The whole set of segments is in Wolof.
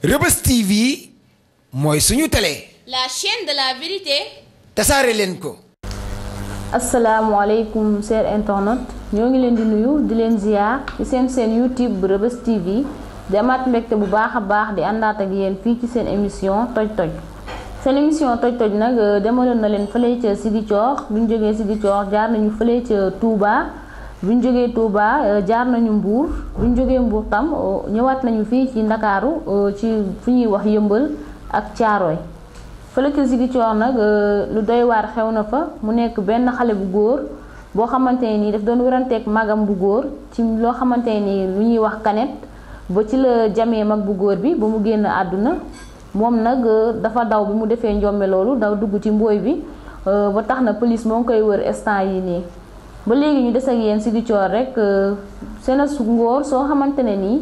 Reubeuss TV mooy suñu télé. la chaîne de la tasaare leen ko. asalaamualeykum cher internet ñoo ngi leen di nuyu di leen ziar ci seen seen YouTube bu Reubeuss TV di amaat bu baax a baax di àndaat ak yéen fii ci seen émission toj-toj seen émission toj-toj nag demaloon na leen fële ca Ziguinchor bu ñu jógee Ziguinchor jaar nañu fële ca Touba. bu ñu jógee Touba euh, jaar nañu mbuur bu ñu jógee Mbour tam euh, ñëwaat nañu fii ci Ndakaaru euh, ci fu ñuy wax yëmbal ak Caaroy fële ca Ziguinchor nag lu doy waar xew na fa mu nekk benn xale bu góor boo xamante ne nii daf doon wéranteeg magam bu góor ci loo xamante ne nii lu ñuy wax kanet ba ci la jamee mag bu góor bi ba mu génn àdduna moom nag dafa daw bi mu defee njombe loolu daw dugg ci mbóoy bi ba tax na police moo ngi koy wër instant yi nii. ba léegi ñu des ak yéen si di coor rek euh, seen as ngóor soo xamante ne nii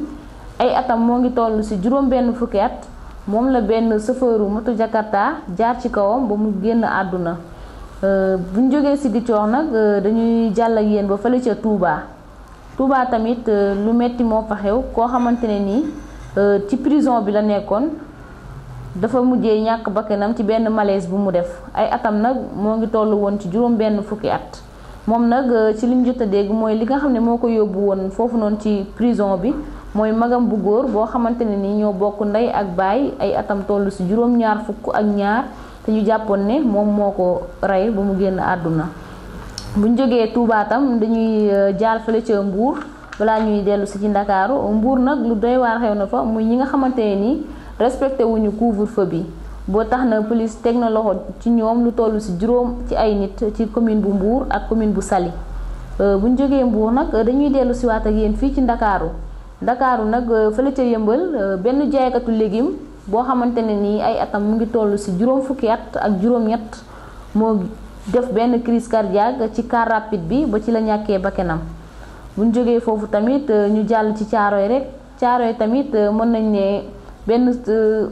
ay atam moo ngi toll si juróom benn fukki at moom la benn sëfëru moto jakarta jaar ci kawam ba mu génn àdduna euh, bu ñu jógee si di coor nag euh, dañuy jàll ak yéen ba fële ca tuubaa Touba tamit lu metti moo fa xew koo xamante ne nii ci prison bi la nekkoon dafa mujjee ñàkk bakkanam ci benn malaise bu mu def ay atam nag moo ngi toll woon ci juróom benn fukki at moom nag euh, ci li ñu jot a dégg mooy li nga xam ne moo ko yóbbu woon foofu noonu ci prison bi mooy magam bu góor boo xamante ne ni ñoo bokk ndey ak baay ay atam toll si juróom-ñaar fukk ak ñaar te ñu jàppoon ne moom moo ko rey ba mu génn àdduna bu ñu jógee Touba tam dañuy euh, jaar fële ca mbuur balaa ñuy dellu si ci Ndakaaru mbuur nag lu doy waar xew na fa muy ñi nga xamante ne ni respecté wuñu couvre bi. boo tax na police teg na loxo ci ñoom lu toll si juróom ci ay nit ci commune bu Mbour ak commune bu Saly euh, bu ñu jógee Mbour nag euh, dañuy dellu siwaat waat ak yéen fii ci Ndakaaru Ndakaaru nag euh, fële ca yëmbal benn jaaykatu légume boo xamante ne nii ay atam mu ngi toll si juróom fukki at ak juróom-ñett moo def benn crise cardiaque ci car rapide bi ba ci la ñàkkee bakkenam bu ñu jógee foofu tamit ñu jàll ci caaroy rek caaroy tamit mën nañ ne. benn euh,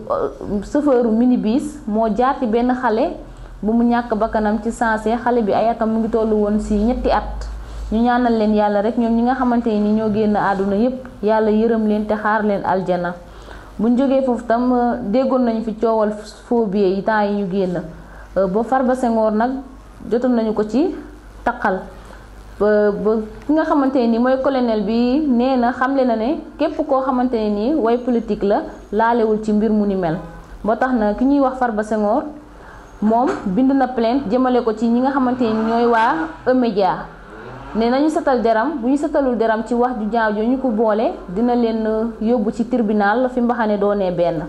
chauffeur minibus moo jaar ci benn xale bu mu ñàkk bakkanam ci sansé xale bi ay atam mu ngi tollu woon ci ñetti at ñu ñaanal leen yàlla rek ñoom ñi nga xamante ni ñoo génn àdduna yépp yàlla yërëm leen te xaar leen aljana buñ jógee foofu tam euh, déggoon nañu fi coowal phobie yi temps yi ñu génn euh, ba Farba Senghor nag jotoon nañu ko ci taqal ba ki nga xamante ni moy colonel bi nee na xamle na ne kep ko xamante ni way politique la laalewul ci mbir mu ni mel motax na ki ñuy wax farba senghor mom bind na plainte jëmele ko ci ñi nga xamante ñoy wa ne nañu deram bu ñu deram ci wax ju jaaw ko boole dina len uh, yobbu ci tribunal fi mbaxane doonee ben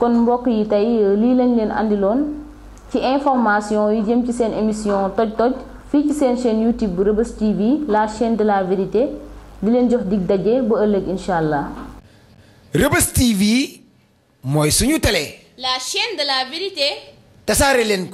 kon mbokk yi tay uh, li lañ leen andiloon ci information yu jëm ci seen émission toj toj fii ci seen chaîne YouTube bu Reubeuss TV la chaîne de la vérité di leen jox dig daje bu ëllëg incha allah. Reubeuss TV mooy suñu tele la chaîne de la vérité. tasaare leen